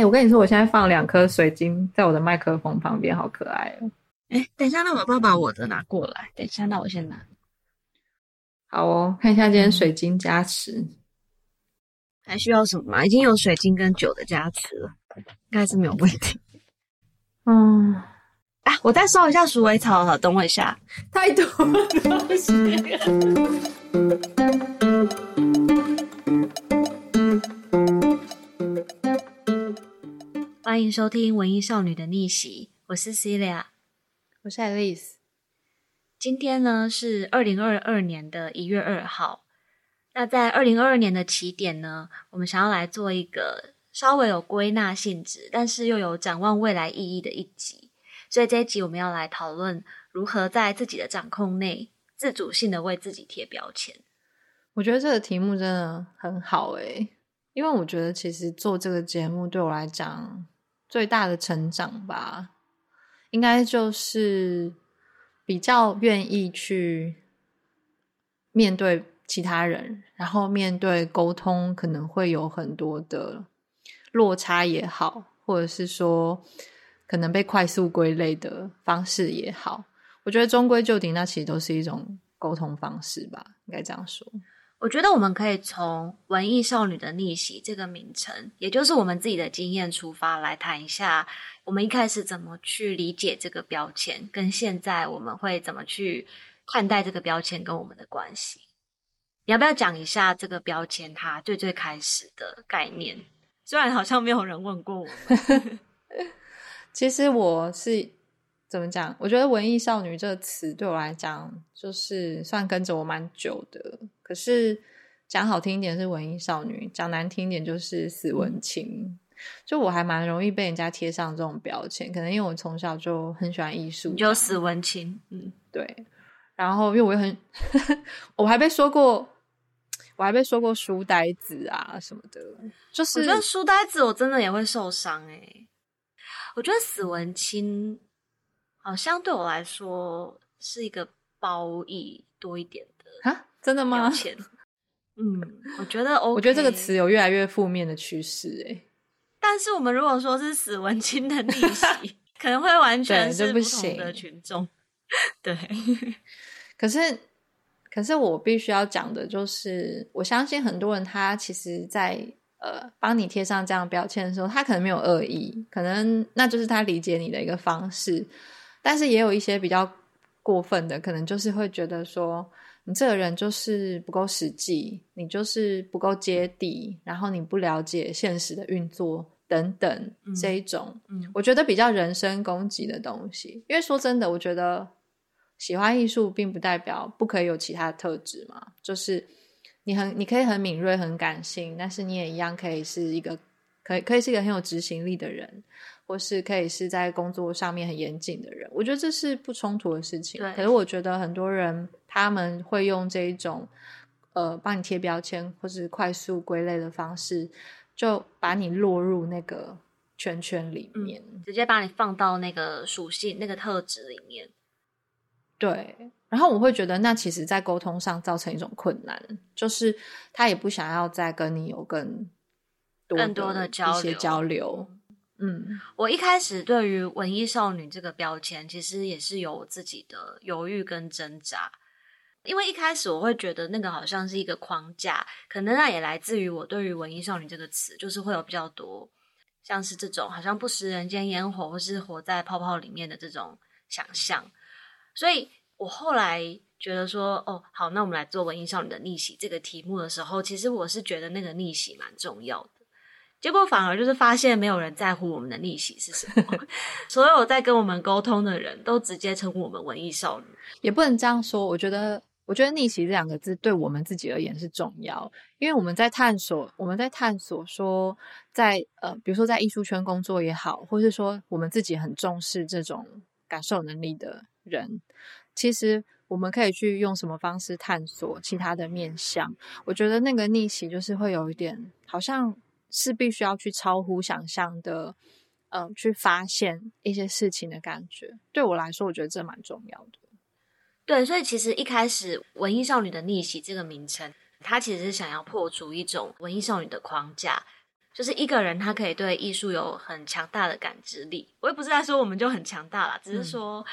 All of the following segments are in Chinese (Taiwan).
哎，我跟你說，我現在放兩顆水晶在我的麥克風旁邊，好可愛哦！哎，等一下，那我爸把我的拿過來。等一下，那我先拿。好哦，看一下今天水晶加持，還需要什麼嗎？已經有水晶跟酒的加持了，應該是沒有問題。嗯，啊，我再燒一下鼠尾草了。好，等我一下，太多東西。 歡迎收聽《文藝少女的逆襲》，我，我是 Celia，我是 Alice。今天呢，是二零二二年的一月二號。那在二零二二年的起點呢，我們想要來做一個稍微有歸納性質，但是又有展望未來意義的一集。所以這一集我們要來討論如何在自己的掌控內，自主性的為自己貼標籤。我覺得這個題目真的很好哎、欸，因為我覺得其實做這個節目對我來講。最大的成長吧，應該就是比較願意去面對其他人，然後面對溝通，可能會有很多的落差也好，或者是說可能被快速歸類的方式也好，我覺得終歸就底，那其實都是一種溝通方式吧，應該這樣說。我覺得我們可以從“文藝少女的逆襲”這個名稱，也就是我們自己的經驗出發，來談一下我們一開始怎麼去理解這個標籤，跟現在我們會怎麼去看待這個標籤跟我們的關係。你要不要講一下這個標籤它最最開始的概念？雖然好像沒有人問過我， 其實我是。怎麼講？我覺得“文藝少女”這個詞對我來講，就是算跟着我蠻久的。可是講好聽一點是文藝少女，講難聽一點就是死文青。嗯、就我還蠻容易被人家貼上這種標籤，可能因為我從小就很喜歡藝術，就死文青。嗯，對。然後因為我又很， 我還被說過，我還被說過書呆子啊什麼的。就是我覺得書呆子我真的也會受傷哎、欸。我覺得死文青。好像對我來說是一個褒義多一點的啊，真的嗎？嗯， 我覺得 OK。我覺得這個詞有越來越負面的趨勢哎。但是我們如果說是死文青的逆襲， 可能會完全是不同的群眾。對， 對，可是可是我必須要講的就是，我相信很多人他其實在呃幫你貼上這樣的標籤的時候，他可能沒有惡意，可能那就是他理解你的一個方式。但是也有一些比較過分的，可能就是會覺得說你這個人就是不夠實際，你就是不夠接地，然後你不了解現實的運作等等這一種，嗯，嗯，我覺得比較人身攻擊的東西。因為說真的，我覺得喜歡藝術並不代表不可以有其他特質嘛，就是你很你可以很敏銳、很感性，但是你也一樣可以是一個可以可以是一個很有執行力的人。或是可以是在工作上面很嚴謹的人，我覺得這是不衝突的事情。對，可是我覺得很多人他們會用這一種呃，幫你貼標籤或是快速歸類的方式，就把你落入那個圈圈裡面，嗯、直接把你放到那個屬性、那個特質裡面。對，然後我會覺得那其實，在溝通上造成一種困難，就是他也不想要再跟你有更多更多的交一些交流。嗯，我一開始對於“文藝少女”這個標籤，其實也是有我自己的猶豫跟掙扎，因為一開始我會覺得那個好像是一個框架，可能那也來自於我對於“文藝少女”這個詞，就是會有比較多像是這種好像不食人間煙火或是活在泡泡裡面的這種想象，所以我後來覺得說，哦，好，那我們來做“文藝少女”的逆襲這個題目的時候，其實我是覺得那個逆襲蠻重要的。結果反而就是發現沒有人在乎我們的逆襲是什麼， 所有在跟我們溝通的人都直接稱呼我們文藝少女，也不能這樣說。我覺得，我覺得“逆襲”這兩個字對我們自己而言是重要，因為我們在探索，我們在探索說在，在呃，比如說在藝術圈工作也好，或是說我們自己很重視這種感受能力的人，其實我們可以去用什麼方式探索其他的面向。我覺得那個逆襲就是會有一點好像。是必須要去超乎想象的，嗯，去發現一些事情的感覺。對我來說，我覺得這蠻重要的。對，所以其實一開始“文藝少女的逆襲”這個名稱，它其實是想要破除一種文藝少女的框架，就是一個人他可以對藝術有很強大的感知力。我也不是在說我們就很強大了，只是說、嗯、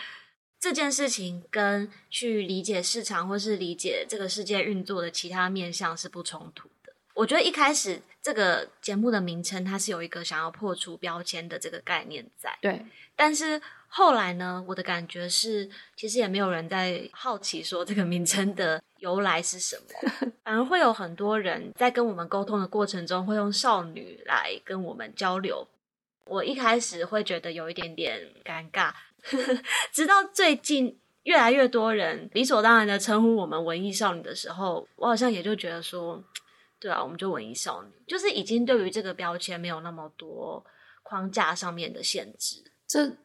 這件事情跟去理解市場或是理解這個世界運作的其他面向是不衝突的。我覺得一開始。這個節目的名稱，它是有一個想要破除標籤的這個概念在。對，但是後來呢，我的感覺是，其實也沒有人在好奇說這個名稱的由來是什麼， 反而會有很多人在跟我們溝通的過程中，會用“少女”來跟我們交流。我一開始會覺得有一點點尷尬， 直到最近越來越多人理所當然的稱呼我們“文藝少女”的時候，我好像也就覺得說。對啊，我們就文藝少女，就是已經對於這個標籤沒有那麼多框架上面的限制。這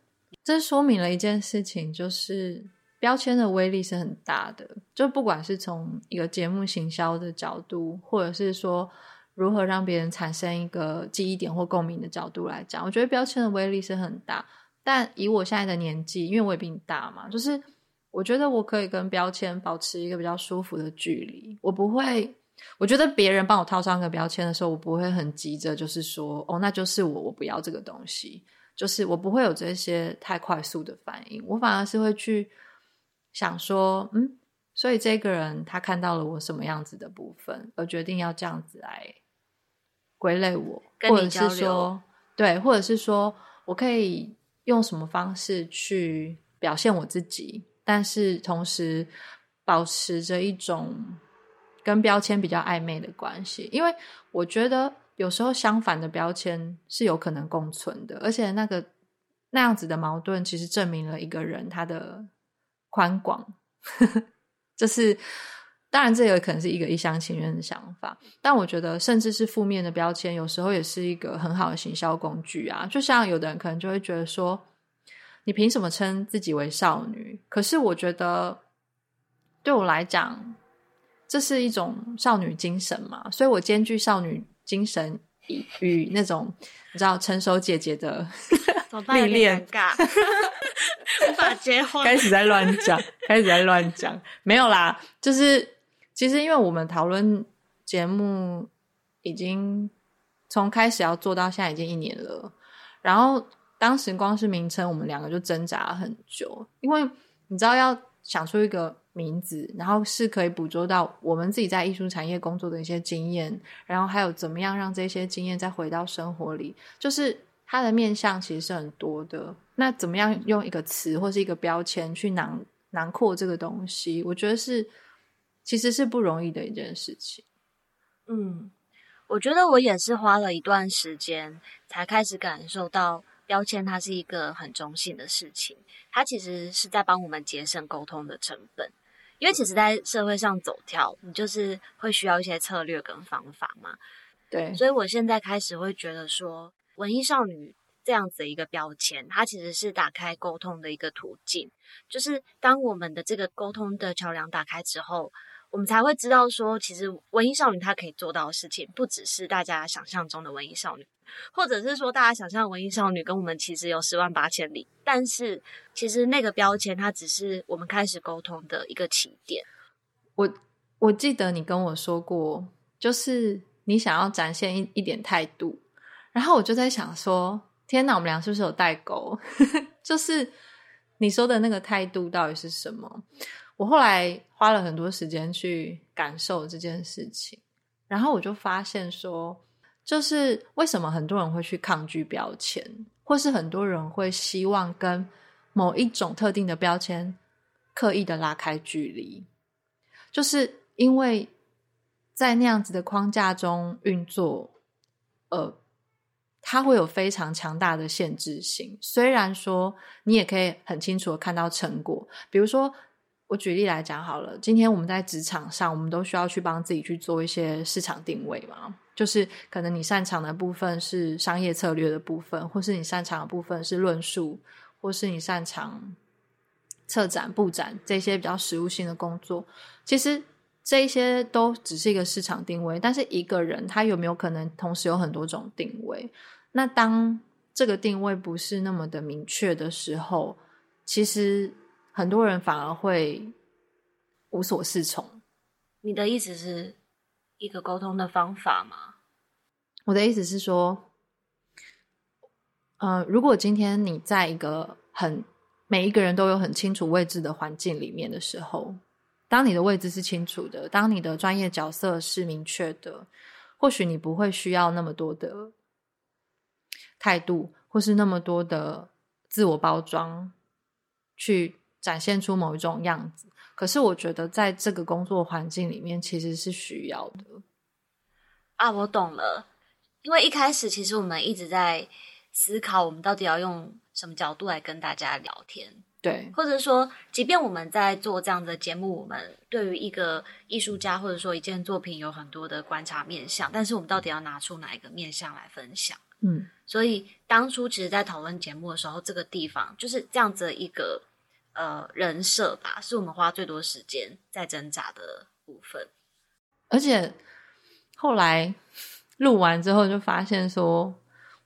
這說明了一件事情，就是標籤的威力是很大的。就不管是從一個節目行銷的角度，或者是說如何讓別人產生一個記憶點或共鳴的角度來講，我覺得標籤的威力是很大。但以我現在的年紀，因為我也比你大嘛，就是我覺得我可以跟標籤保持一個比較舒服的距離，我不會。我覺得別人幫我套上個標籤的時候，我不會很急着，就是說，哦，那就是我，我不要這個東西，就是我不會有這些太快速的反應。我反而是會去想說，嗯，所以這個人他看到了我什麼樣子的部分，而決定要這樣子來歸類我，或者是說，對，或者是說我可以用什麼方式去表現我自己，但是同時保持着一種，跟標籤比較曖昧的關係，因為我覺得有時候相反的標籤是有可能共存的，而且那個那樣子的矛盾，其實證明了一個人他的寬廣。這、 就是當然，這個可能是一個一廂情願的想法，但我覺得甚至是負面的標籤，有時候也是一個很好的行銷工具啊。就像有的人可能就會覺得說，你憑什麼稱自己為少女？可是我覺得，對我來講，這是一種少女精神嘛，所以我兼具少女精神與，與那種你知道成熟姐姐的歷練，無 法結婚。開始在亂講，開始在亂講， 沒有啦，就是其實因為我們討論節目已經從開始要做到現在已經一年了，然後當時光是名稱我們兩個就掙扎了很久，因為你知道要想出一個。名字，然後是可以捕捉到我們自己在藝術產業工作的一些經驗，然後還有怎麼樣讓這些經驗再回到生活裡，就是它的面向其實是很多的。那怎麼樣用一個詞或是一個標籤去囊囊括這個東西？我覺得是其實是不容易的一件事情。嗯，我覺得我也是花了一段時間才開始感受到標籤它是一個很中性的事情，它其實是在幫我們節省溝通的成本。因為其實，在社會上走跳，你就是會需要一些策略跟方法嘛。對，所以我現在開始會覺得說，文藝少女這樣子的一個標籤，它其實是打開溝通的一個途徑。就是當我們的這個溝通的橋梁打開之後。我們才會知道說，其實文藝少女她可以做到的事情，不只是大家想象中的文藝少女，或者是說大家想象文藝少女跟我們其實有十萬八千里。但是其實那個標籤，它只是我們開始溝通的一個起點。我我記得你跟我說過，就是你想要展現一一點態度，然後我就在想說，天哪，我們倆是不是有代溝？ 就是你說的那個態度到底是什麼？我後來花了很多時間去感受這件事情，然後我就發現說，就是為什麼很多人會去抗拒標籤，或是很多人會希望跟某一種特定的標籤刻意的拉開距離，就是因為在那樣子的框架中運作，呃，它會有非常強大的限制性。雖然說你也可以很清楚的看到成果，比如說。我舉例來講好了，今天我們在職場上，我們都需要去幫自己去做一些市場定位嘛。就是可能你擅長的部分是商業策略的部分，或是你擅長的部分是論述，或是你擅長策展、布展這些比較實務性的工作。其實這些都只是一個市場定位，但是一個人他有沒有可能同時有很多種定位？那當這個定位不是那麼的明確的時候，其實。很多人反而會無所適從。你的意思是一個溝通的方法嗎？我的意思是說，嗯、呃，如果今天你在一個很，每一個人都有很清楚位置的環境裡面的時候，當你的位置是清楚的，當你的專業角色是明確的，或許你不會需要那麼多的態度，或是那麼多的自我包裝去。展現出某一種樣子，可是我覺得在這個工作環境裡面其實是需要的。啊，我懂了，因為一開始其實我們一直在思考，我們到底要用什麼角度來跟大家聊天，對，或者說，即便我們在做這樣的節目，我們對於一個藝術家或者說一件作品有很多的觀察面向，但是我們到底要拿出哪一個面向來分享？嗯，所以當初其實，在討論節目的時候，這個地方就是這樣子的一個。呃，人設吧，是我們花最多時間在掙扎的部分。而且後來錄完之後，就發現說，嗯，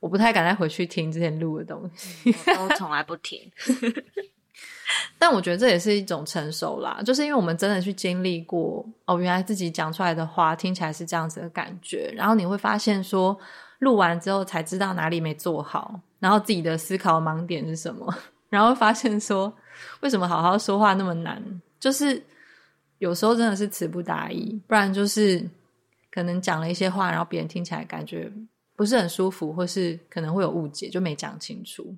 我不太敢再回去聽之前錄的東西。 我從來不聽。 但我覺得這也是一種成熟啦，就是因為我們真的去經歷過哦，原來自己講出來的話聽起來是這樣子的感覺。然後你會發現說，錄完之後才知道哪裡沒做好，然後自己的思考盲點是什麼，然後發現說。為什麼好好說話那麼難？就是有時候真的是詞不達意，不然就是可能講了一些話，然後別人聽起來感覺不是很舒服，或是可能會有誤解，就沒講清楚。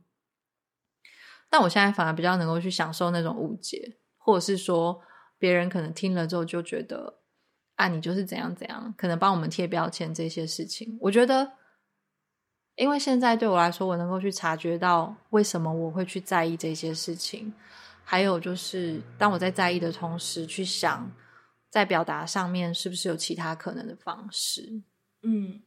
但我現在反而比較能夠去享受那種誤解，或者是說別人可能聽了之後就覺得啊，你就是怎樣怎樣，可能幫我們貼標籤這些事情，我覺得。因為現在對我來說，我能夠去察覺到為什麼我會去在意這些事情，還有就是當我在在意的同時，去想在表達上面是不是有其他可能的方式。嗯，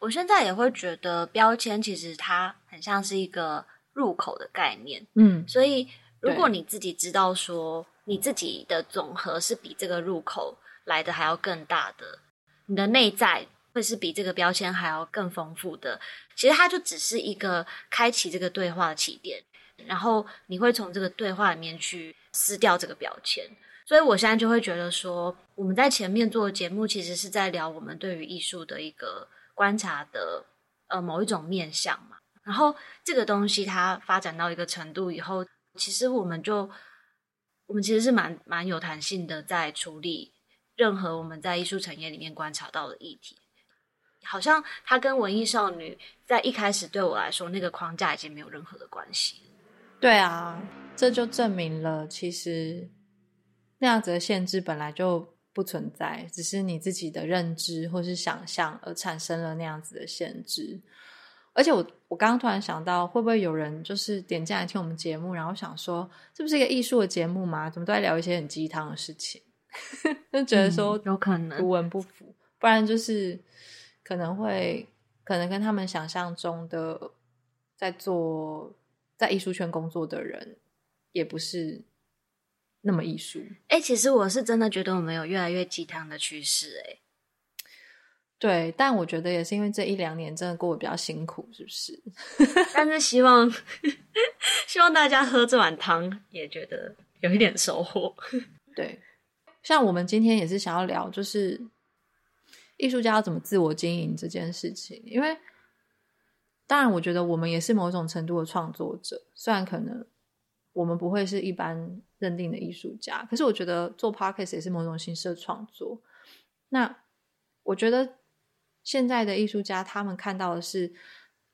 我現在也會覺得標籤其實它很像是一個入口的概念。嗯，所以如果你自己知道說你自己的總和是比這個入口來得還要更大的，你的內在，會是比這個標籤還要更豐富的。其實它就只是一個開啟這個對話的起點，然後你會從這個對話裡面去撕掉這個標籤。所以我現在就會覺得說，我們在前面做的節目其實是在聊我們對於藝術的一個觀察的呃某一種面向嘛。然後這個東西它發展到一個程度以後，其實我們就我們其實是蠻蠻有彈性的在處理任何我們在藝術產業裡面觀察到的議題。好像他跟文藝少女在一開始對我來說，那個框架已經沒有任何的關係。對啊，這就證明了其實那樣子的限制本來就不存在，只是你自己的認知或是想象而產生了那樣子的限制。而且我我剛剛突然想到，會不會有人就是點進來聽我們節目，然後想說，這不是一個藝術的節目嗎？怎麼都在聊一些很雞湯的事情？ 就覺得說、嗯、有可能，圖文不符，不然就是。可能會，可能跟他們想象中的，在做在藝術圈工作的人，也不是那麼藝術。哎、欸，其實我是真的覺得我們有越來越雞湯的趨勢、欸，哎。對，但我覺得也是因為這一兩年真的過得比較辛苦，是不是？ 但是希望希望大家喝這碗湯也覺得有一點收穫。 對，像我們今天也是想要聊，就是。藝術家要怎麼自我經營這件事情？因為，當然，我覺得我們也是某種程度的創作者，雖然可能我們不會是一般認定的藝術家，可是我覺得做 podcast 也是某種形式的創作。那我覺得現在的藝術家，他們看到的是，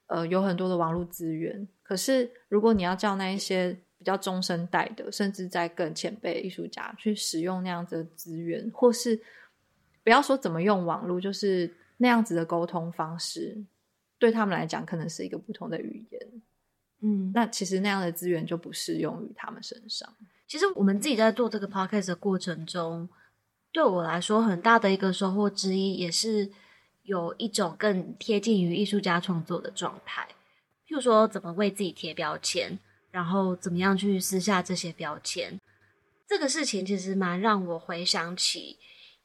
呃，有很多的網絡資源。可是，如果你要叫那一些比較中生代的，甚至在更前輩的藝術家去使用那樣子的資源，或是。不要說怎麼用網絡，就是那樣子的溝通方式，對他們來講可能是一個不同的語言。嗯，那其實那樣的資源就不適用於他們身上。其實我們自己在做這個 podcast 的過程中，對我來說很大的一個收穫之一，也是有一種更貼近於藝術家創作的狀態。譬如說，怎麼為自己貼標籤，然後怎麼樣去撕下這些標籤，這個事情其實蠻讓我回想起。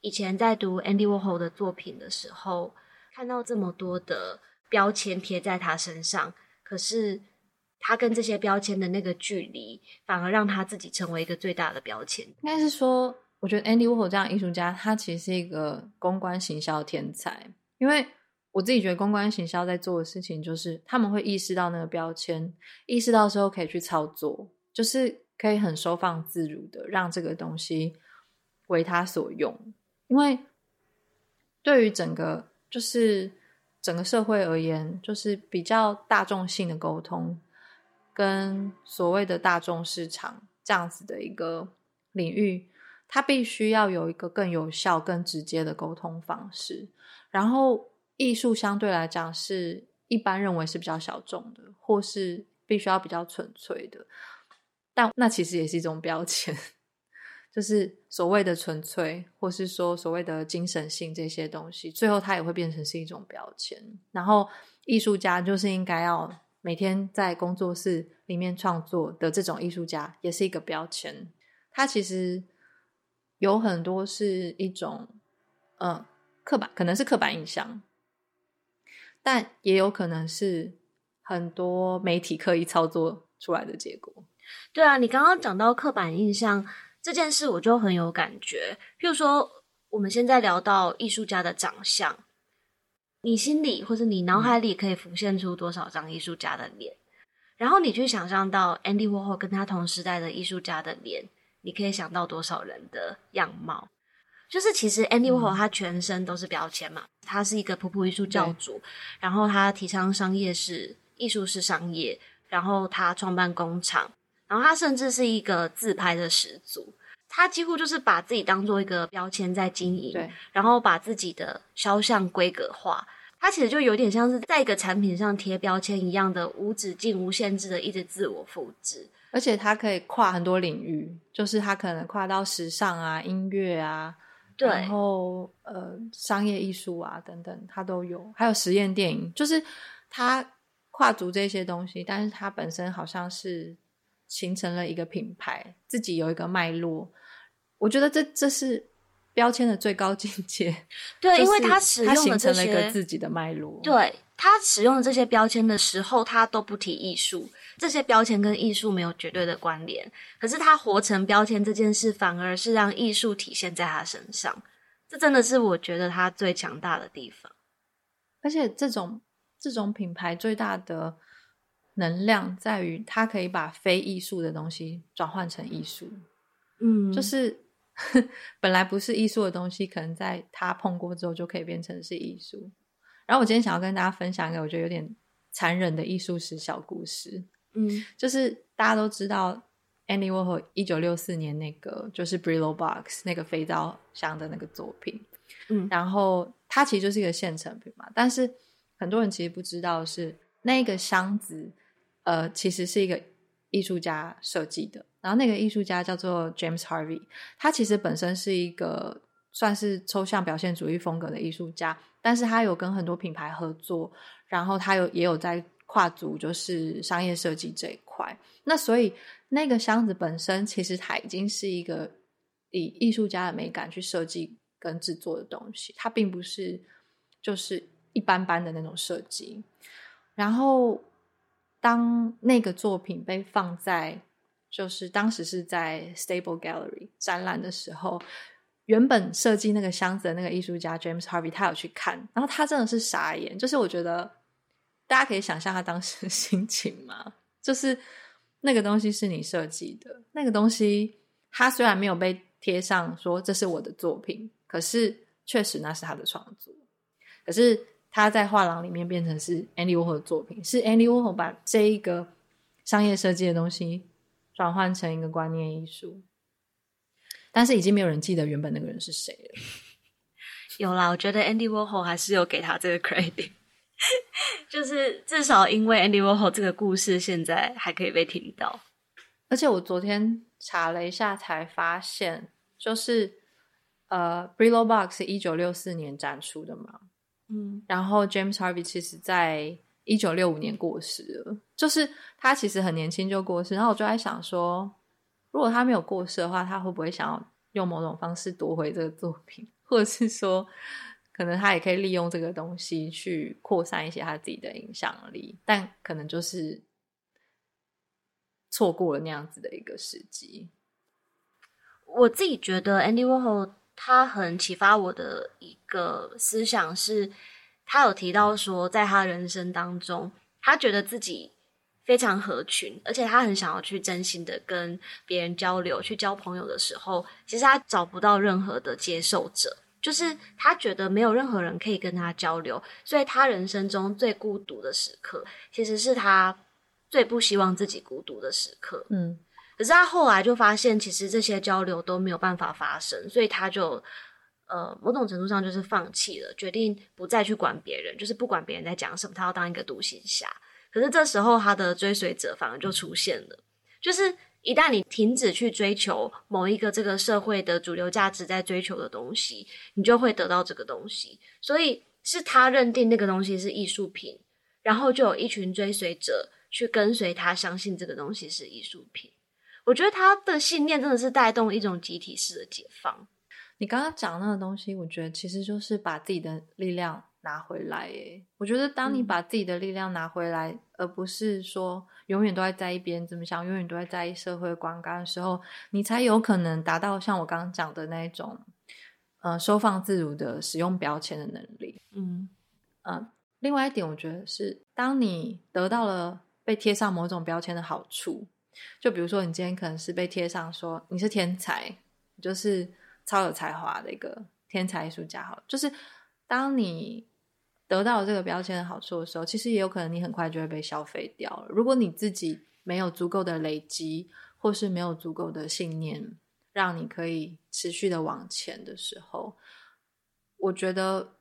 以前在讀 Andy Warhol 的作品的時候，看到這麼多的標籤貼在他身上，可是他跟這些標籤的那個距離，反而讓他自己成為一個最大的標籤。應該是說，我覺得 Andy Warhol 這樣的藝術家，他其實是一個公關行銷天才，因為我自己覺得公關行銷在做的事情，就是他們會意識到那個標籤，意識到之後可以去操作，就是可以很收放自如的讓這個東西為他所用。因為對於整個就是整個社會而言，就是比較大眾性的溝通，跟所謂的大眾市場這樣子的一個領域，它必須要有一個更有效、更直接的溝通方式。然後藝術相對來講是一般認為是比較小眾的，或是必須要比較純粹的，但那其實也是一種標籤。就是所謂的純粹，或是說所謂的精神性這些東西，最後它也會變成是一種標籤。然後藝術家就是應該要每天在工作室裡面創作的這種藝術家，也是一個標籤。它其實有很多是一種，嗯，刻板，可能是刻板印象，但也有可能是很多媒體刻意操作出來的結果。對啊，你剛剛講到刻板印象。這件事我就很有感覺。譬如說，我們現在聊到藝術家的長相，你心裡或者你腦海裡可以浮現出多少張藝術家的臉？嗯。然後你去想象到 Andy Warhol 跟他同時代的藝術家的臉，你可以想到多少人的樣貌？就是其實 Andy Warhol 他全身都是標籤嘛，嗯。他是一個普普藝術教主，嗯。然後他提倡商業是藝術是商業，然後他創辦工廠。然後他甚至是一個自拍的始祖，他幾乎就是把自己當做一個標籤在經營，對，然後把自己的肖像規格化，他其實就有點像是在一個產品上貼標籤一樣的無止境、無限制的一直自我複製，而且他可以跨很多領域，就是他可能跨到時尚啊、音樂啊，對，然後呃，商業藝術啊等等，他都有，還有實驗電影，就是他跨足這些東西，但是他本身好像是。形成了一個品牌，自己有一個脈絡，我覺得這這是標籤的最高境界。對，因為他形成了一個自己的脈絡，對，他使用，這些，他使用這些標籤的時候，他都不提藝術，這些標籤跟藝術沒有絕對的關聯。可是他活成標籤這件事，反而是讓藝術體現在他身上。這真的是我覺得他最強大的地方。而且這種這種品牌最大的。能量在於他可以把非藝術的東西轉換成藝術，嗯，就是本來不是藝術的東西，可能在他碰過之後就可以變成是藝術。然後我今天想要跟大家分享一個我覺得有點殘忍的藝術史小故事，嗯，就是大家都知道 Andy Warhol 一九六四年那個就是 Brillo Box 那個肥皂箱的那個作品，嗯，然後它其實就是一個現成品嘛，但是很多人其實不知道是那一個箱子。呃，其實是一個藝術家設計的，然後那個藝術家叫做 James Harvey，他其實本身是一個算是抽象表現主義風格的藝術家，但是他有跟很多品牌合作，然後他有也有在跨足就是商業設計這一塊。那所以那個箱子本身其實它已經是一個以藝術家的美感去設計跟製作的東西，它並不是就是一般般的那種設計，然後。當那個作品被放在，就是當時是在 Stable Gallery 展覽的時候，原本設計那個箱子的那個藝術家 James Harvey，他有去看，然後他真的是傻眼，就是我覺得大家可以想象他當時的心情嘛，就是那個東西是你設計的，那個東西它雖然沒有被貼上說這是我的作品，可是確實那是他的創作，可是。他在畫廊裡面變成是 Andy Warhol 的作品，是 Andy Warhol 把這一個商業設計的東西轉換成一個觀念藝術，但是已經沒有人記得原本那個人是誰了。有啦，我覺得 Andy Warhol 還是有給他這個 credit， 就是至少因為 Andy Warhol 這個故事現在還可以被聽到，而且我昨天查了一下才發現，就是呃 Brillo Box 一九六四年展出的嘛。嗯，然後 James Harvey 其實，在一九六五年過世了，就是他其實很年輕就過世。然後我就在想說，如果他沒有過世的話，他會不會想要用某種方式奪回這個作品，或者是說，可能他也可以利用這個東西去擴散一些他自己的影響力，但可能就是錯過了那樣子的一個時機。我自己覺得 Andy Warhol。他很啟發我的一個思想是，他有提到說，在他人生當中，他覺得自己非常合群，而且他很想要去真心的跟別人交流，去交朋友的時候，其實他找不到任何的接受者，就是他覺得沒有任何人可以跟他交流，所以他人生中最孤獨的時刻，其實是他最不希望自己孤獨的時刻。嗯。可是他後來就發現，其實這些交流都沒有辦法發生，所以他就，呃，某種程度上就是放棄了，決定不再去管別人，就是不管別人在講什麼，他要當一個獨行俠。可是這時候，他的追隨者反而就出現了，就是一旦你停止去追求某一個這個社會的主流價值在追求的東西，你就會得到這個東西。所以是他認定那個東西是藝術品，然後就有一群追隨者去跟隨他，相信這個東西是藝術品。我覺得他的信念真的是帶動了一種集體式的解放。你剛剛講的那個東西，我覺得其實就是把自己的力量拿回來。我覺得當你把自己的力量拿回來，嗯、而不是說永遠都在在意別人怎麼想，永遠都在在意社會觀感的時候，你才有可能達到像我剛剛講的那種，呃，收放自如的使用標籤的能力。嗯，嗯、啊。另外一點，我覺得是當你得到了被貼上某種標籤的好處。就比如說，你今天可能是被貼上說你是天才，就是超有才華的一個天才藝術家。好，就是當你得到這個標籤的好處的時候，其實也有可能你很快就會被消費掉了。如果你自己沒有足夠的累積，或是沒有足夠的信念，讓你可以持續的往前的時候，我覺得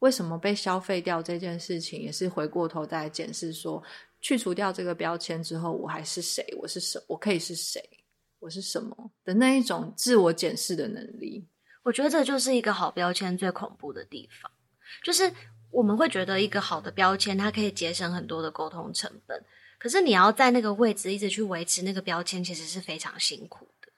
為什麼被消費掉這件事情，也是回過頭再來檢視說。去除掉這個標籤之後，我還是誰？我是什麼？我可以是誰？我是什麼的那一種自我檢視的能力？我覺得這就是一個好標籤最恐怖的地方，就是我們會覺得一個好的標籤，它可以節省很多的溝通成本。可是你要在那個位置一直去維持那個標籤，其實是非常辛苦的。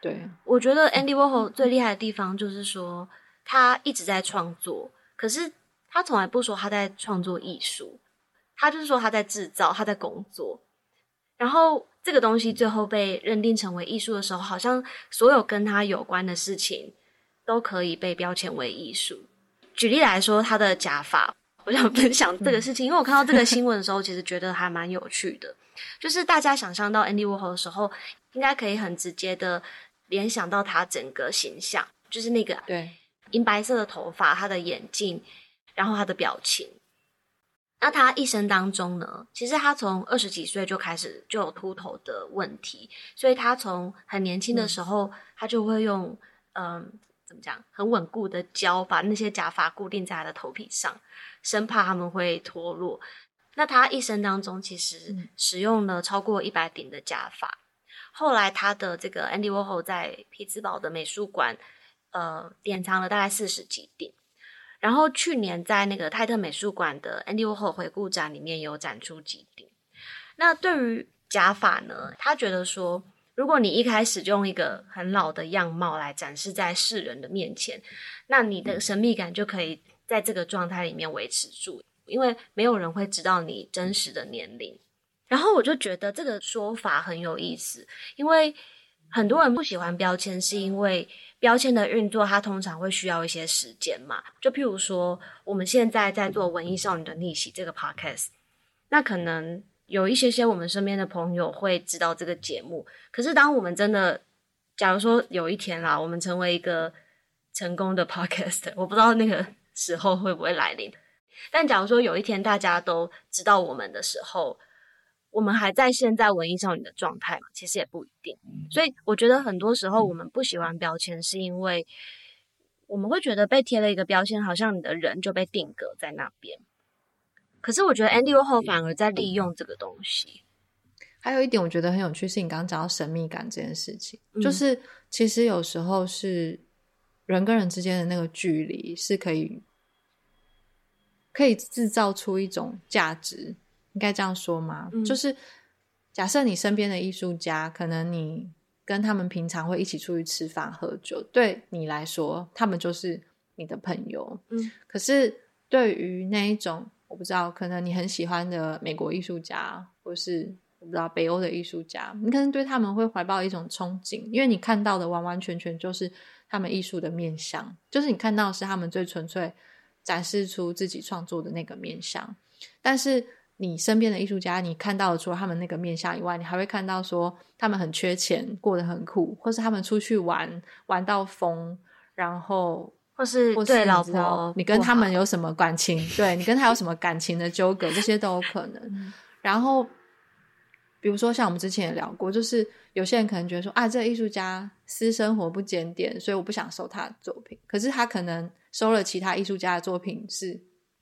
對，我覺得 Andy Warhol 最厲害的地方就是說，他一直在創作，可是他從來不說他在創作藝術。他就是說他在製造，他在工作，然後這個東西最後被認定成為藝術的時候，好像所有跟他有關的事情都可以被標籤為藝術。舉例來說，他的假髮，我想分享這個事情， 因為我看到這個新聞的時候，其實覺得還蠻有趣的。就是大家想象到 Andy Warhol 的時候，應該可以很直接的聯想到他整個形象，就是那個，對，銀白色的頭髮，他的眼鏡，然後他的表情。那他一生當中呢，其實他從二十幾歲就開始就有禿頭的問題，所以他從很年輕的時候，嗯、他就會用嗯、呃，怎麼講，很穩固的膠把那些假髮固定在他的頭皮上，生怕他們會脫落。那他一生當中其實使用了超過一百頂的假髮，嗯、後來他的這個 Andy Warhol 在匹茲堡的美術館，呃，典藏了大概四十幾頂。然後去年在那個泰特美術館的 Andy Warhol 回顧展裡面有展出幾頂。那對於假髮呢，他覺得說，如果你一開始就用一個很老的樣貌來展示在世人的面前，那你的神秘感就可以在這個狀態裡面維持住，因為沒有人會知道你真實的年齡。然後我就覺得這個說法很有意思，因為很多人不喜歡標籤，是因為。標籤的運作，它通常會需要一些時間嘛。就譬如說，我們現在在做《文藝少女的逆襲》這個 podcast，那可能有一些些我們身邊的朋友會知道這個節目。可是，當我們真的，假如說有一天啦，我們成為一個成功的 podcaster，我不知道那個時候會不會來臨。但假如說有一天，大家都知道我們的時候，我們還在現在文藝少女的狀態嗎？其實也不一定。所以我覺得很多時候我們不喜歡標籤，是因為我們會覺得被貼了一個標籤，好像你的人就被定格在那邊。可是我覺得 Andy 沃荷反而在利用這個東西。嗯、還有一點我覺得很有趣，是你剛剛講到神秘感這件事情，就是其實有時候是人跟人之間的那個距離是可以可以制造出一種價值。應該這樣說嗎？嗯，就是假設你身邊的藝術家，可能你跟他們平常會一起出去吃飯喝酒，對你來說，他們就是你的朋友。嗯，可是對於那一種，我不知道，可能你很喜歡的美國藝術家，或是我不知道北歐的藝術家，你可能對他們會懷抱一種憧憬，因為你看到的完完全全就是他們藝術的面向，就是你看到的是他們最純粹展示出自己創作的那個面向，但是。你身邊的藝術家，你看到除了他們那個面相以外，你還會看到說他們很缺錢，過得很苦，或是他們出去玩玩到瘋，然後或是或是對老婆，你跟他們有什麼感情？對你跟他有什麼感情的糾葛， 這些都有可能。然後，比如說像我們之前也聊過，就是有些人可能覺得說啊，這個藝術家私生活不檢點，所以我不想收他的作品。可是他可能收了其他藝術家的作品，是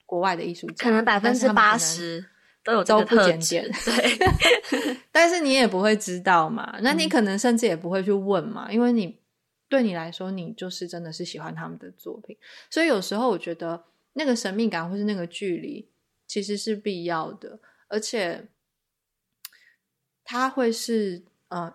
國外的藝術家，可能百分之八十。都有，都不檢點。對， 但是你也不會知道嘛，那你可能甚至也不會去問嘛，嗯、因為你對你來說，你就是真的是喜歡他們的作品，所以有時候我覺得那個神秘感或是那個距離其實是必要的，而且它會是呃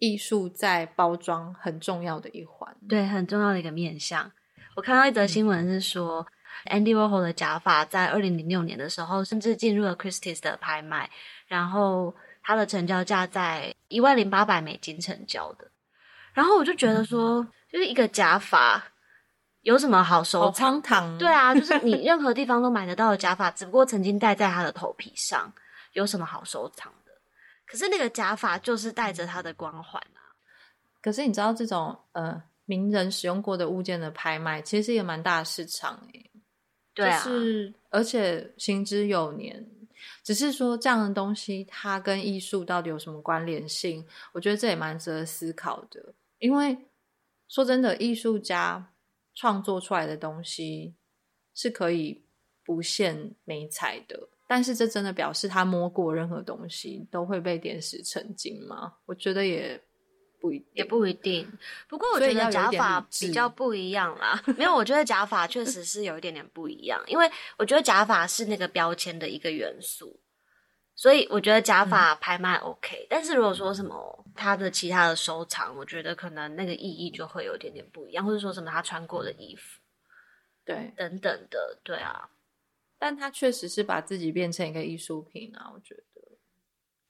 藝術在包裝很重要的一環，對，很重要的一個面向。我看到一則新聞是說。嗯 Andy Warhol 的假髮在二零零六年的時候，甚至進入了 Christie's 的拍賣，然後它的成交價在一萬零八百美金成交的。然後我就覺得說，就是一個假髮有什麼好收藏？好荒唐。對啊，就是你任何地方都買得到的假髮，只不過曾經戴在他的頭皮上，有什麼好收藏的？可是那個假髮就是帶着他的光環啊！可是你知道，這種呃名人使用過的物件的拍賣，其實也蠻大的市場對啊、就是，而且行之有年，只是說這樣的東西，它跟藝術到底有什麼關聯性？我覺得這也蠻值得思考的。因為說真的，藝術家創作出來的東西是可以不限媒材的，但是這真的表示他摸過任何東西都會被點石成金嗎？我覺得也。不，也不一定，不過我覺得假髮比較不一樣啦。有 沒有，我覺得假髮確實是有一點點不一樣，因為我覺得假髮是那個標籤的一個元素，所以我覺得假髮拍賣 OK、嗯。但是如果說什麼他的其他的收藏，我覺得可能那個意義就會有一點點不一樣，或者說什麼他穿過的衣服，對、嗯，等等的，對啊。但他確實是把自己變成一個藝術品啊，我覺得。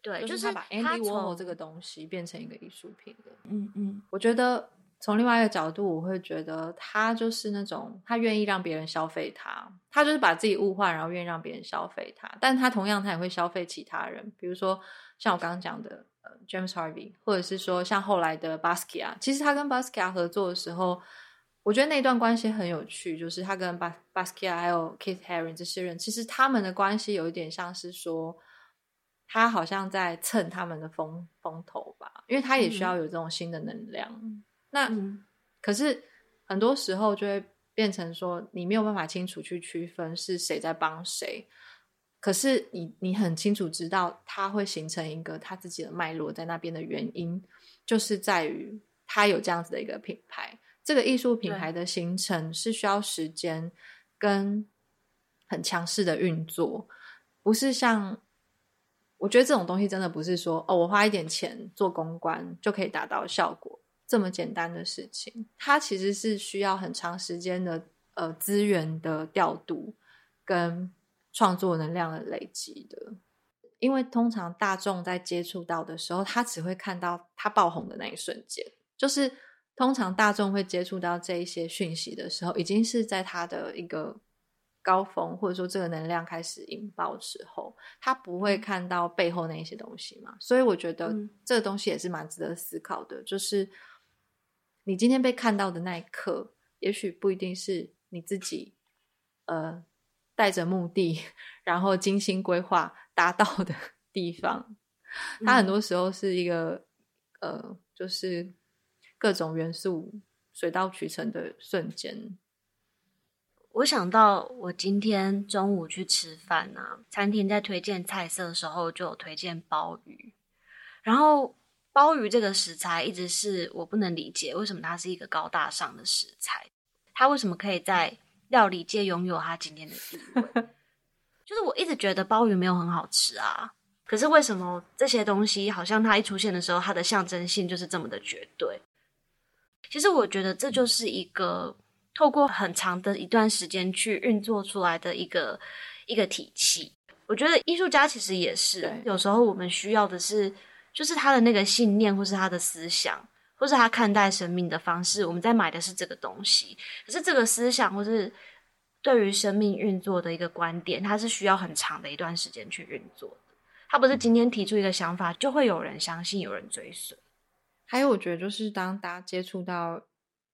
對，就是他把 Andy Warhol，就是欸、這個東西變成一個藝術品的。嗯嗯，我覺得從另外一個角度，我會覺得他就是那種他願意讓別人消費他，他就是把自己物化，然後願意讓別人消費他。但他同樣，他也會消費其他人，比如說像我剛剛講的、呃、James Harvey，或者是說像後來的 Basquiat。其實他跟 Basquiat 合作的時候，我覺得那段關係很有趣，就是他跟 Bas Basquiat 還有 Keith Haring 這些人，其實他們的關係有一點像是說。他好像在蹭他們的風風頭吧，因為他也需要有這種新的能量。嗯、那、嗯、可是很多時候就會變成說，你沒有辦法清楚去區分是誰在幫誰。可是你你很清楚知道，他會形成一個他自己的脈絡在那邊的原因，就是在於他有這樣子的一個品牌。這個藝術品牌的形成是需要時間跟很強勢的運作，不是像。我覺得這種東西真的不是說哦，我花一點錢做公關就可以達到效果這麼簡單的事情。它其實是需要很長時間的呃資源的調度跟創作能量的累積的。因為通常大眾在接觸到的時候，他只會看到他爆紅的那一瞬間，就是通常大眾會接觸到這一些訊息的時候，已經是在他的一個。高峰，或者說這個能量開始引爆的時候，他不會看到背後那一些東西嘛？所以我覺得這個東西也是蠻值得思考的。嗯、就是你今天被看到的那一刻，也許不一定是你自己呃帶着目的，然後精心規劃達到的地方。它很多時候是一個、嗯、呃，就是各種元素水到渠成的瞬間。我想到我今天中午去吃飯啊，餐廳在推薦菜色的時候就有推薦鮑魚，然後鮑魚這個食材一直是我不能理解，為什麼它是一個高大上的食材？它為什麼可以在料理界擁有它今天的地位？ 就是我一直覺得鮑魚沒有很好吃啊，可是為什麼這些東西好像它一出現的時候，它的象徵性就是這麼的絕對？其實我覺得這就是一個。透過很長的一段時間去運作出來的一個一個體系，我覺得藝術家其實也是，有時候我們需要的是，就是他的那個信念，或是他的思想，或是他看待生命的方式。我們在買的是這個東西，可是這個思想或是對於生命運作的一個觀點，它是需要很長的一段時間去運作的。他不是今天提出一個想法，就會有人相信，有人追隨。還有，我覺得就是當大家接觸到。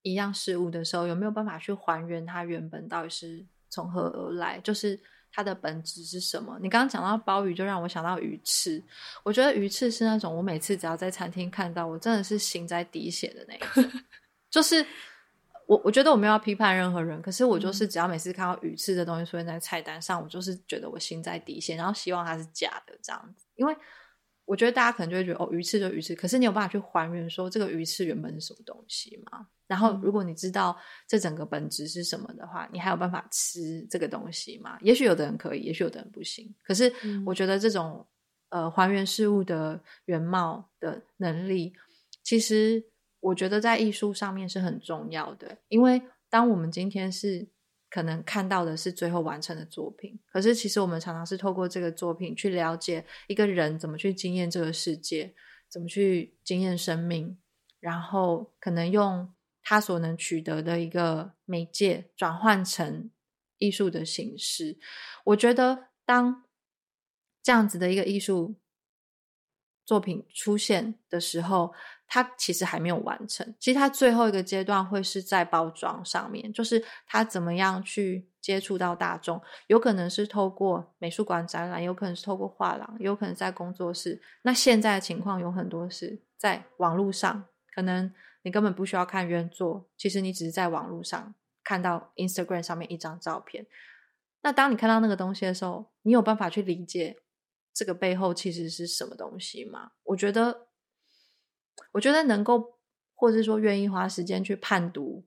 一樣事物的時候，有沒有辦法去還原它原本到底是從何而來？就是它的本質是什麼？你剛剛講到鮑魚，就讓我想到魚翅。我覺得魚翅是那種我每次只要在餐廳看到，我真的是心在滴血的那一個。 就是我，我覺得我沒有要批判任何人，可是我就是只要每次看到魚翅的東西出現在菜單上，嗯、我就是覺得我心在滴血，然後希望它是假的這樣子，因為。我覺得大家可能就會覺得，哦，魚翅就魚翅，可是你有辦法去還原說這個魚翅原本是什麼東西嗎？然後，如果你知道這整個本質是什麼的話，你還有辦法吃這個東西嗎？也許有的人可以，也許有的人不行。可是，我覺得這種、嗯、呃還原事物的原貌的能力，其實我覺得在藝術上面是很重要的，因為當我們今天是。可能看到的是最後完成的作品，可是其實我們常常是透過這個作品去了解一個人怎麼去經驗這個世界，怎麼去經驗生命，然後可能用他所能取得的一個媒介轉換成藝術的形式。我覺得當這樣子的一個藝術。作品出現的時候，它其實還沒有完成。其實它最後一個階段會是在包裝上面，就是它怎麼樣去接觸到大眾。有可能是透過美術館展覽，有可能是透過畫廊，有可能是在工作室。那現在的情況有很多是在網絡上，可能你根本不需要看原作，其實你只是在網絡上看到 Instagram 上面一張照片。那當你看到那個東西的時候，你有辦法去理解。這個背後其實是什麼東西嘛？我覺得，我覺得能夠，或者是說願意花時間去判讀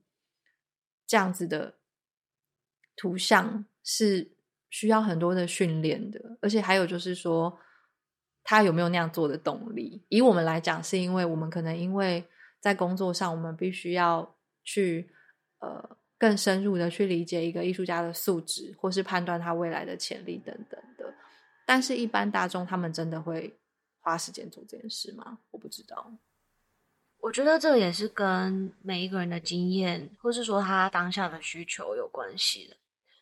這樣子的圖像，是需要很多的訓練的。而且還有就是說，他有沒有那樣做的動力？以我們來講，是因為我們可能因為在工作上，我們必須要去呃更深入的去理解一個藝術家的素質，或是判斷他未來的潛力等等的。但是，一般大眾他們真的會花時間做這件事嗎？我不知道。我覺得這也是跟每一個人的經驗，或是說他當下的需求有關係的。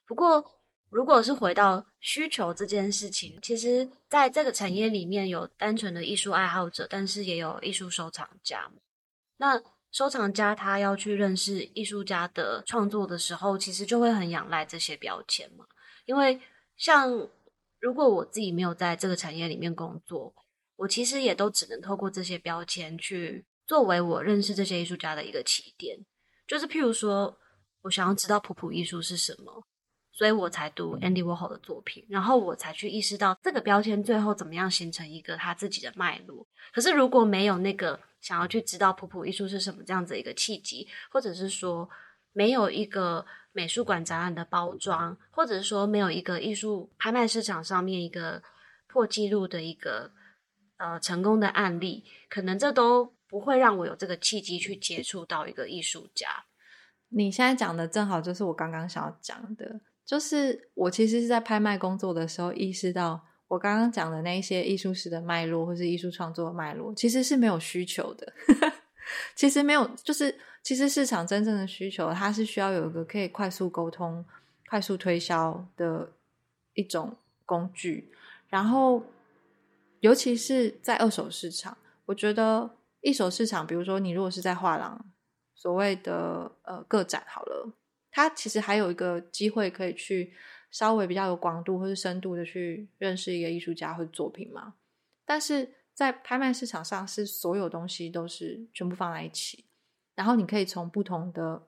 不過，如果是回到需求這件事情，其實在這個產業裡面有單純的藝術愛好者，但是也有藝術收藏家嘛。那收藏家他要去認識藝術家的創作的時候，其實就會很仰賴這些標籤嘛，因為像……如果我自己沒有在這個產業裡面工作，我其實也都只能透過這些標籤去作為我認識這些藝術家的一個起點。就是譬如說，我想要知道普普藝術是什麼，所以我才讀 Andy Warhol 的作品，然後我才去意識到這個標籤最後怎麼樣形成一個他自己的脈絡。可是如果沒有那個想要去知道普普藝術是什麼這樣子的一個契機，或者是說沒有一個美術館展覽的包裝，或者是說沒有一個藝術拍賣市場上面一個破紀錄的一個呃，成功的案例，可能這都不會讓我有這個契機去接觸到一個藝術家。你現在講的正好就是我剛剛想要講的，就是我其實是在拍賣工作的時候意識到，我剛剛講的那些藝術史的脈絡，或是藝術創作的脈絡，其實是沒有需求的。 其實沒有，就是其實市場真正的需求，它是需要有一個可以快速溝通、快速推銷的一種工具。然後，尤其是在二手市場，我覺得一手市場，比如說你如果是在畫廊，所謂的呃個展好了，它其實還有一個機會可以去稍微比較有廣度或者深度的去認識一個藝術家或者作品嘛。但是。在拍賣市場上，是所有東西都是全部放在一起，然後你可以從不同的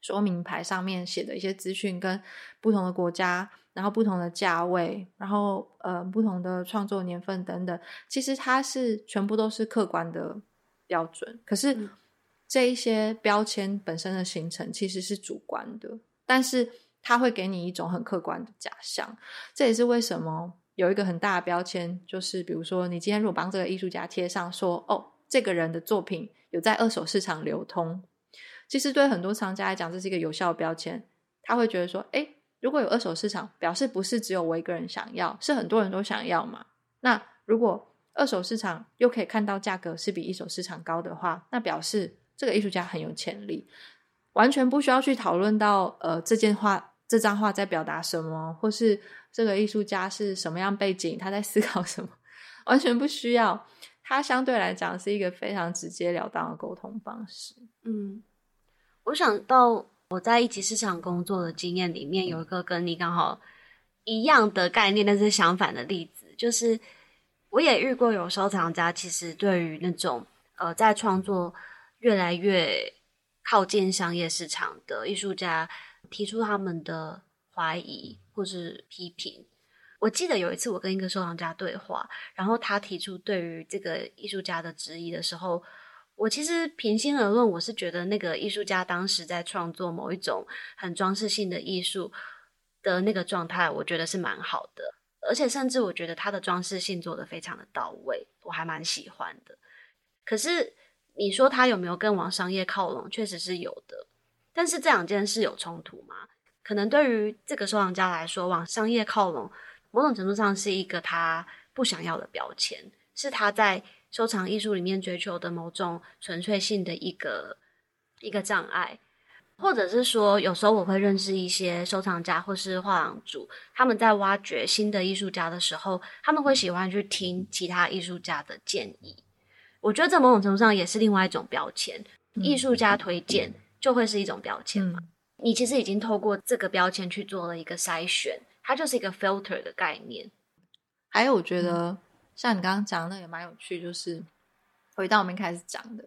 說明牌上面寫的一些資訊，跟不同的國家，然後不同的價位，然後呃不同的創作年份等等，其實它是全部都是客觀的標準。可是這一些標籤本身的形成其實是主觀的，但是它會給你一種很客觀的假象，這也是為什麼。有一個很大的標籤，就是比如說，你今天如果幫這個藝術家貼上說：“哦，這個人的作品有在二手市場流通。”其實對很多藏家來講，這是一個有效的標籤。他會覺得說：“哎，如果有二手市場，表示不是只有我一個人想要，是很多人都想要嘛。”那如果二手市場又可以看到價格是比一手市場高的話，那表示這個藝術家很有潛力，完全不需要去討論到呃這件畫。這張畫在表達什麼，或是這個藝術家是什麼樣背景，他在思考什麼，完全不需要。他相對來講是一個非常直截了當的溝通方式。嗯，我想到我在一級市場工作的經驗裡面，有一個跟你剛好一樣的概念，但是相反的例子，就是我也遇過有收藏家，其實對於那種呃，在創作越來越靠近商業市場的藝術家。提出他們的懷疑或是批評。我記得有一次我跟一個收藏家對話，然後他提出對於這個藝術家的質疑的時候，我其實平心而論，我是覺得那個藝術家當時在創作某一種很裝飾性的藝術的那個狀態，我覺得是蠻好的，而且甚至我覺得他的裝飾性做得非常的到位，我還蠻喜歡的。可是你說他有沒有更往商業靠攏，確實是有的。但是這兩件事有衝突嗎？可能對於這個收藏家來說，往商業靠攏，某種程度上是一個他不想要的標籤，是他在收藏藝術裡面追求的某種純粹性的一個、一個障礙，或者是說，有時候我會認識一些收藏家或是畫廊主，他們在挖掘新的藝術家的時候，他們會喜歡去聽其他藝術家的建議，我覺得這某種程度上也是另外一種標籤，嗯、藝術家推薦。就會是一種標籤嘛、嗯？你其實已經透過這個標籤去做了一個篩選，它就是一個 filter 的概念。還有，我覺得、嗯、像你剛剛講的那也蠻有趣，就是回到我們開始講的，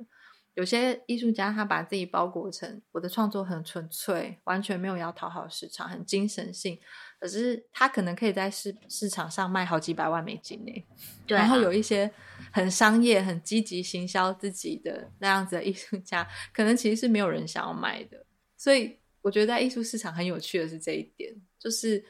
有些藝術家他把自己包裹成我的創作很純粹，完全沒有要討好市場，很精神性。可是他可能可以在市市場上賣好幾百萬美金呢，對啊，然後有一些很商業、很積極行銷自己的那樣子的藝術家，可能其實是沒有人想要賣的。所以我覺得在藝術市場很有趣的是這一點，就是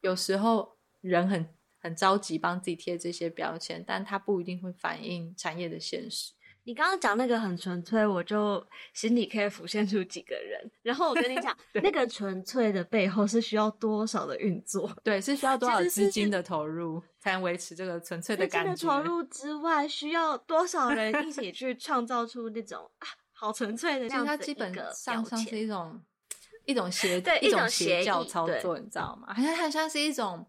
有時候人很很着急幫自己貼這些標籤，但他不一定會反映產業的現實。你剛剛講那個很純粹，我就心裡可以浮現出幾個人。然後我跟你講， 那個純粹的背後是需要多少的運作？ 對，是需要多少資金的投入才能維持這個純粹的感覺。除了投入之外，需要多少人一起去創造出那種 啊，好純粹的，的？其實它基本上像是一種一種邪 對一種邪教操作，你知道嗎？像它好像很像是一種。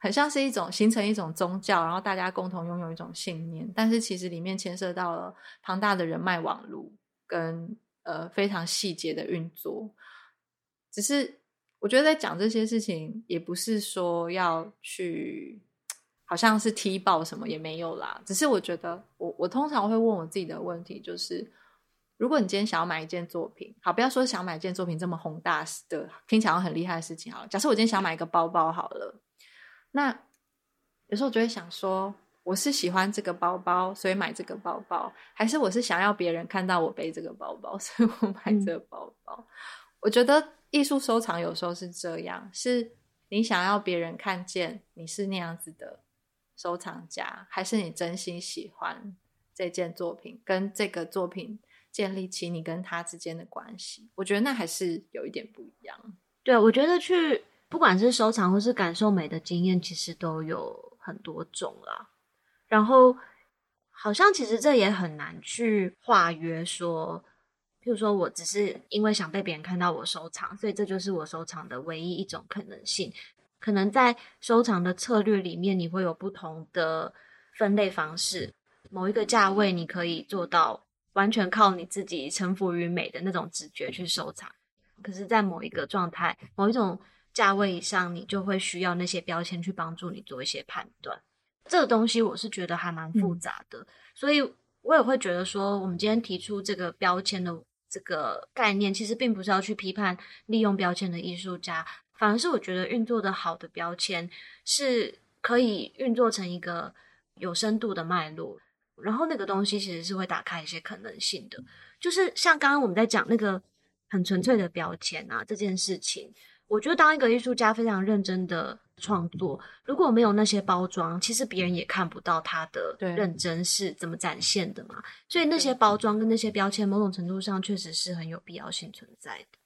很像是一種形成一種宗教，然後大家共同擁有一種信念，但是其實裡面牽涉到了龐大的人脈網絡跟呃非常細節的運作。只是我覺得在講這些事情，也不是說要去好像是踢爆什麼，也沒有啦。只是我覺得，我我通常會問我自己的問題，就是如果你今天想要買一件作品，好，不要說想買一件作品這麼宏大的、聽起來很厲害的事情好了，假設我今天想買一個包包好了。那有時候就會想說，我是喜歡這個包包，所以買這個包包，還是我是想要別人看到我背這個包包，所以我買這個包包？嗯、我覺得藝術收藏有時候是這樣：是你想要別人看見你是那樣子的收藏家，還是你真心喜歡這件作品，跟這個作品建立起你跟他之間的關係？我覺得那還是有一點不一樣。對，我覺得去。不管是收藏或是感受美的經驗，其實都有很多種啦。然後，好像其實這也很難去化約說，譬如說我只是因為想被別人看到我收藏，所以這就是我收藏的唯一一種可能性。可能在收藏的策略裡面，你會有不同的分類方式。某一個價位，你可以做到完全靠你自己臣服於美的那種直覺去收藏。可是，在某一個狀態，某一種。價位以上，你就會需要那些標籤去幫助你做一些判斷。這個東西我是覺得還蠻複雜的，嗯、所以我也會覺得說，我們今天提出這個標籤的這個概念，其實並不是要去批判利用標籤的藝術家，反而是我覺得運作的好的標籤是可以運作成一個有深度的脈絡，然後那個東西其實是會打開一些可能性的。就是像剛剛我們在講那個很純粹的標籤啊，這件事情。我覺得當一個藝術家非常認真的創作，如果沒有那些包裝，其實別人也看不到他的認真是怎麼展現的嘛。所以那些包裝跟那些標籤，某種程度上確實是很有必要性存在的。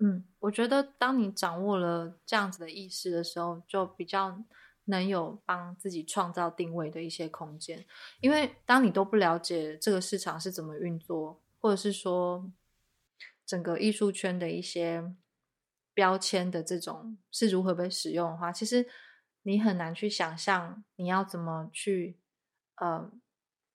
嗯，我覺得當你掌握了這樣子的意識的時候，就比較能有幫自己創造定位的一些空間。因為當你都不了解這個市場是怎麼運作，或者是說整個藝術圈的一些。標籤的這種是如何被使用的話，其實你很難去想象你要怎麼去，嗯、呃，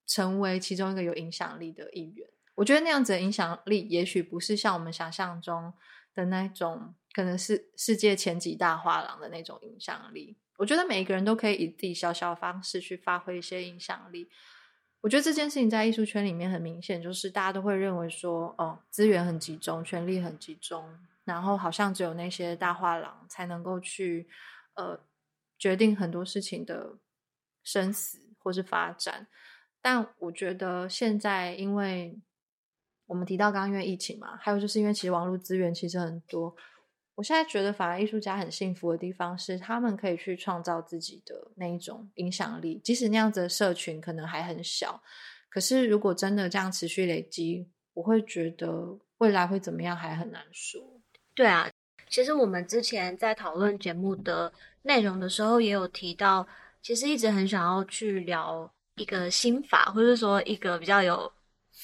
成為其中一個有影響力的一員。我覺得那樣子的影響力，也許不是像我們想象中的那種，可能是世界前幾大畫廊的那種影響力。我覺得每一個人都可以以自己小小方式去發揮一些影響力。我覺得這件事情在藝術圈裡面很明顯，就是大家都會認為說，哦，資源很集中，權力很集中。然後好像只有那些大畫廊才能夠去，呃，決定很多事情的生死或是發展。但我覺得現在，因為我們提到剛剛因為疫情嘛，還有就是因為其實網絡資源其實很多。我現在覺得反而藝術家很幸福的地方是，他們可以去創造自己的那一種影響力，即使那樣子的社群可能還很小。可是如果真的這樣持續累積，我會覺得未來會怎麼樣還很難說。對啊，其實我們之前在討論節目的內容的時候，也有提到，其實一直很想要去聊一個心法，或者說一個比較有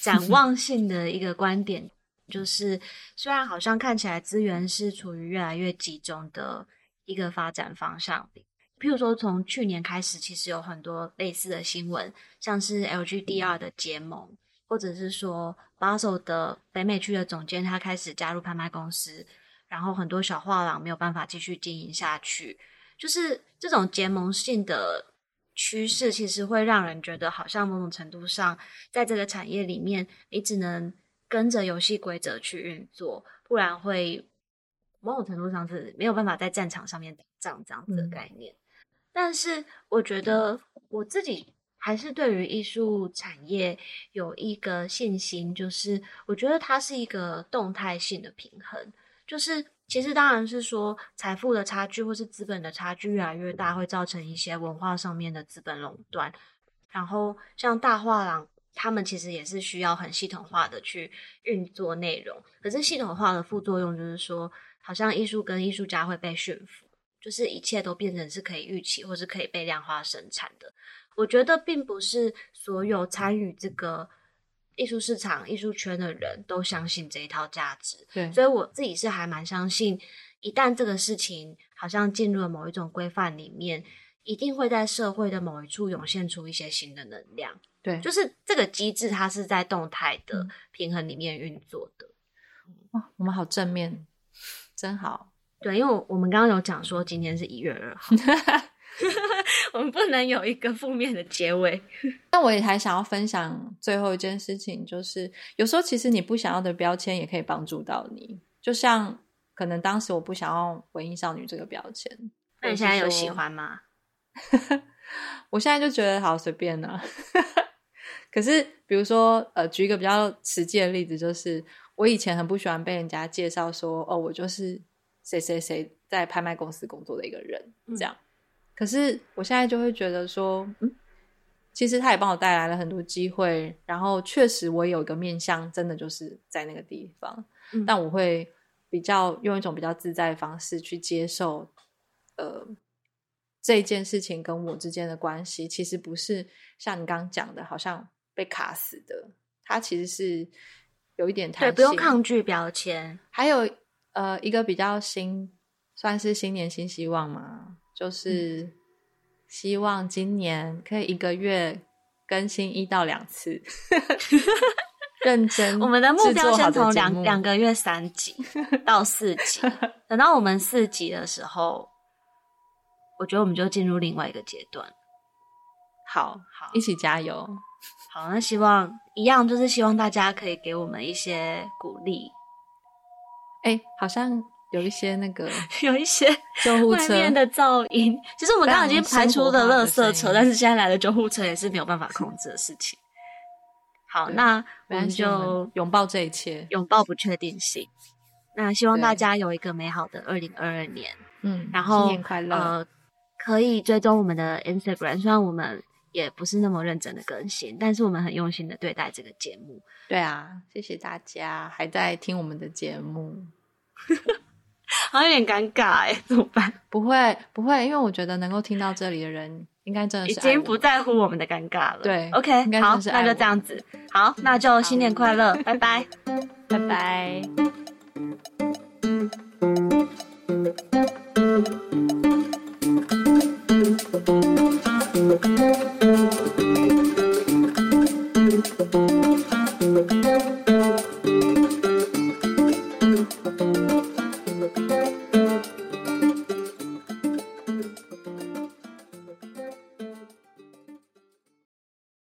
展望性的一個觀點， 就是雖然好像看起來資源是處於越來越集中的一個發展方向，譬如說從去年開始，其實有很多類似的新聞，像是 LGD 二的結盟。嗯或者是說，Basel 的北美區的總監他開始加入拍賣公司，然後很多小畫廊沒有辦法繼續經營下去，就是這種結盟性的趨勢，其實會讓人覺得好像某種程度上，在這個產業裡面，你只能跟着遊戲規則去運作，不然會某種程度上是沒有辦法在戰場上面打仗這樣子的概念。嗯，但是我覺得我自己。還是對於藝術產業有一個信心，就是我覺得它是一個動態性的平衡。就是其實當然是說，財富的差距或是資本的差距越來越大，會造成一些文化上面的資本壟斷。然後像大畫廊，他們其實也是需要很系統化的去運作內容。可是系統化的副作用就是說，好像藝術跟藝術家會被馴服，就是一切都變成是可以預期或是可以被量化生產的。我覺得並不是所有參與這個藝術市場、藝術圈的人都相信這一套價值，對。所以我自己是還蠻相信，一旦這個事情好像進入了某一種規範裡面，一定會在社會的某一處湧現出一些新的能量，對。就是這個機制，它是在動態的平衡裡面運作的。嗯。哇，我們好正面，真好。對，因為我我們剛剛有講說，今天是一月二號。 我們不能有一個負面的結尾。但我也還想要分享最後一件事情，就是有時候其實你不想要的標籤也可以幫助到你。就像可能當時我不想要“文藝少女”這個標籤，那你現在有喜歡嗎？ 我現在就覺得好隨便呢、啊。 可是比如說，呃，舉一個比較實際的例子，就是我以前很不喜歡被人家介紹說，哦，我就是誰誰誰在拍賣公司工作的一個人，這、嗯、樣。可是我現在就會覺得說，嗯，其實他也幫我帶來了很多機會，然後確實我有一個面向，真的就是在那個地方，嗯。但我會比較用一種比較自在的方式去接受，呃，這件事情跟我之間的關係，其實不是像你剛剛講的，好像被卡死的。它其實是有一點彈性。對，不用抗拒標籤。還有呃，一個比較新，算是新年新希望嘛。就是希望今年可以一個月更新一到兩次， 認 真。我們的目標的目先從兩兩個月三集到四集， 等到我們四集的時候，我覺得我們就進入另外一個階段。好好，一起加油。好，那希望一樣，就是希望大家可以給我們一些鼓勵。哎、欸，好像。有一些那個，有一些救護車 外面的噪音。其、就、實、是、我們剛剛已經排除了垃圾車，但是現在來了救護車也是沒有辦法控制的事情。 好，那我們就擁抱這一切，擁抱不確定性。那希望大家有一個美好的二零二二年。嗯，然後新年快樂，呃，可以追蹤我們的 Instagram。雖然我們也不是那麼認真的更新，但是我們很用心的對待這個節目。對啊，謝謝大家還在聽我們的節目。 好，有點尷尬哎，怎麼辦？不會，不會，因為我覺得能夠聽到這裡的人，應該真的是已經不在乎我們的尷尬了。對，OK，好，那就這樣子。好，嗯，那就新年快樂，拜拜，拜拜。 拜拜